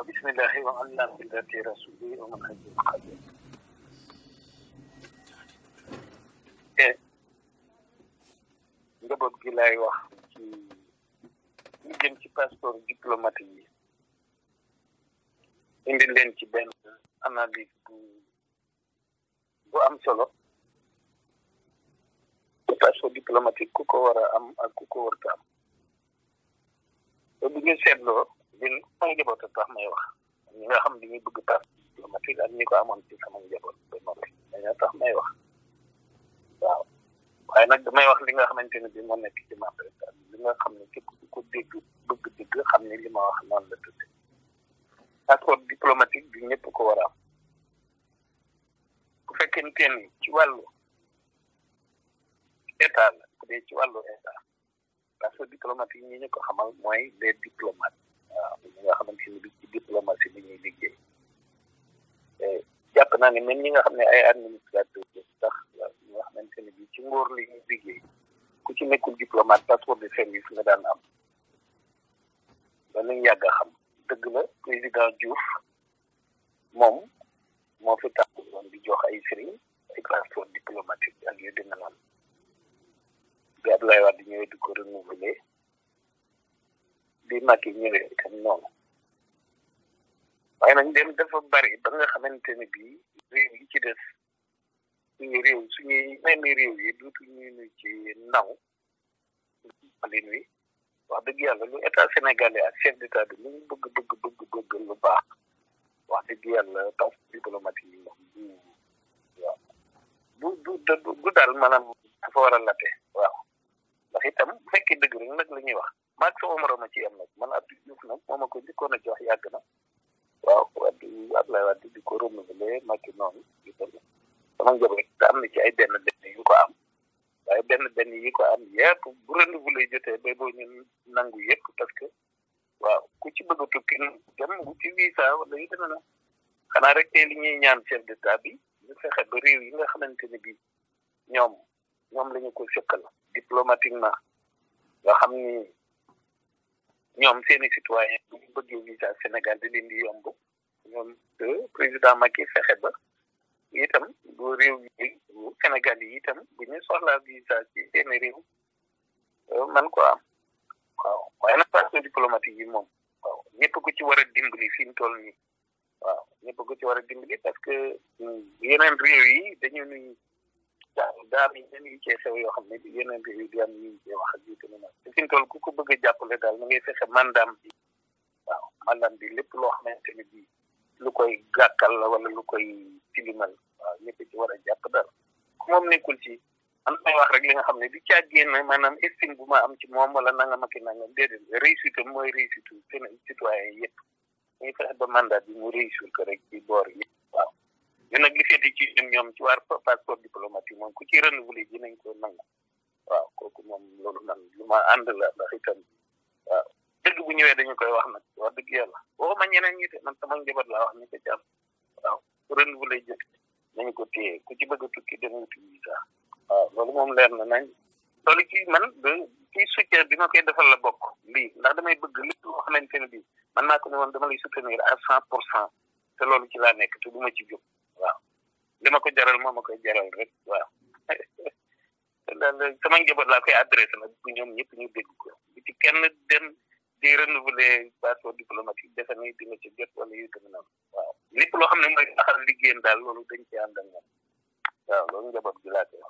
بسم الله وعلى ملة رسوله ومن هدي القدير njaboot gi lay wax ci ñu jëm ci passeport diplomatique yi indi leen bu bu am solo passeport diplomatique ku ko war am ak ku ko warta am te bu ñu seetloo din kan sama njaboot tax may wax ñi nga xam li bëgg tax diplomatique ak ñi ko amoon ci sama njaboot ba noppi dañoo tax may wax waaw waaye nag damay wax li nga xamante bi moo nekk ci ma li nga xam ne képp ku dégg bëgg dégg xam ne li ma wax noonu la tudde accord diplomatique bi ñi nga xamante ni bi ci diplomatie bi ñuy liggéey eh, jàpp naa ne même ñi nga xam ne ay administrateur sax ñi nga xamante ni bi ci ngóor li ñuy liggéey ku ci nekkul diplomate passeport de service nga daan am danañ yàgg xam dëgg la président Diouf moom moo fi tax di jox ay sëriñ ay passeport diplomatique ak yu dina bi Abdoulaye Wade ñëwee di ko renouveler di Macky ñëwee kan, noonu waaye nag dem dafa bari ba nga xamante bi réew yi ci des suñu réew suñuy même réew yi dootu ñu ñu ci naw alin wi wax dëgg yàlla lu état sénégalais ak chef d'état bi ñu bëgg bëgg bëgg bëgg lu baax wax dëgg yàlla tax diplomatique yi moom du waaw du du du du dafa war a late waaw ndax itam fekkee dëgg rek nag la ñuy wax mag sa umar ma ci am nag man abdou diouf nag moom ko njëkkoon a jox yàgg na waaw waddi ablaye waddi di ko ma makki non di ko sama njaboot te am na ci ay benn benn yu ko am waaye benn benn yi ko am yépp bu renouvelé jotee bay bo ñun nangu yépp parce que waaw ku ci bëgg tukki dem ku ci visa wala yu demee na xanaa rek tey li ñuy ñaan chef d'état bi ñu fexe ba réew yi nga xamante ne bi ñoom ñoom la ñu ko sëkkal diplomatiquement nga xam ni ñoom seen i citoyen bu ñu bëggee visa Sénégal di leen di yomb ñoom président Macky fexe ba itam bu réew yi itam bu ñu soxlaa visa ci seen réew euh, man ko am waaw waaye nag passeport diplomatique yi moom waaw ñëpp ko ci war a dimbali fi mu toll nii waaw ñëpp ko ci war a dimbali parce que daa daa am yenn yu cee sew yoo xam ne yeneen bi di am yu cee wax ak yu gën a mën te fi toll ku ko bëgg a jàppale daal mu ngay fexe mandaam bi waaw bi lépp loo xamante ne bii lu koy gàkkal la wala lu koy tilimal waaw ñëpp ci war a jàpp daal ku moom nekkul ci an may wax rek li nga xam ne di càggee na maanaam estime bu ma am ci moom wala nanga ma ki nangam déedéet réussite am mooy réussite seen citoyen yëpp ñuy fexe ba mandat bi mu réussir ko rek ci boor yi ñu nag li féete ci ñun ñoom ci war passeport diplomatique moom ku ci renouvelé dinañ ko nangu waaw kooku moom loolu nag lu ma ànd la ndax itam waaw dëgg bu ñëwee dañu koy wax nag wax dëgg yàlla woo ma ñeneen ñi de man sama njaboot laa wax ni ko ci am waaw renouvelé jëf nañ ko téye ku ci bëgg a tukki danañ ci visa waaw loolu moom leer na nañ loolu ci man de ci soutien bi koy defal la bokk lii ndax damay bëgg lépp loo xamante ne man naa ko ne woon dama lay soutenir à cent te loolu ci laa nekk te du ci jóg li ma ko jaral moom ma koy jaral rek waaw sama njaboot laa koy adressé nag bu ñoom ñëpp ñu dégg ko bu ci kenn dem di renouveler passeport diplomatique defe ni dina ci jot wala yu gëm waaw lépp loo xam ne mooy taxal liggéeyam daal loolu dañ ci ànd ak moom waaw loolu gi laa koy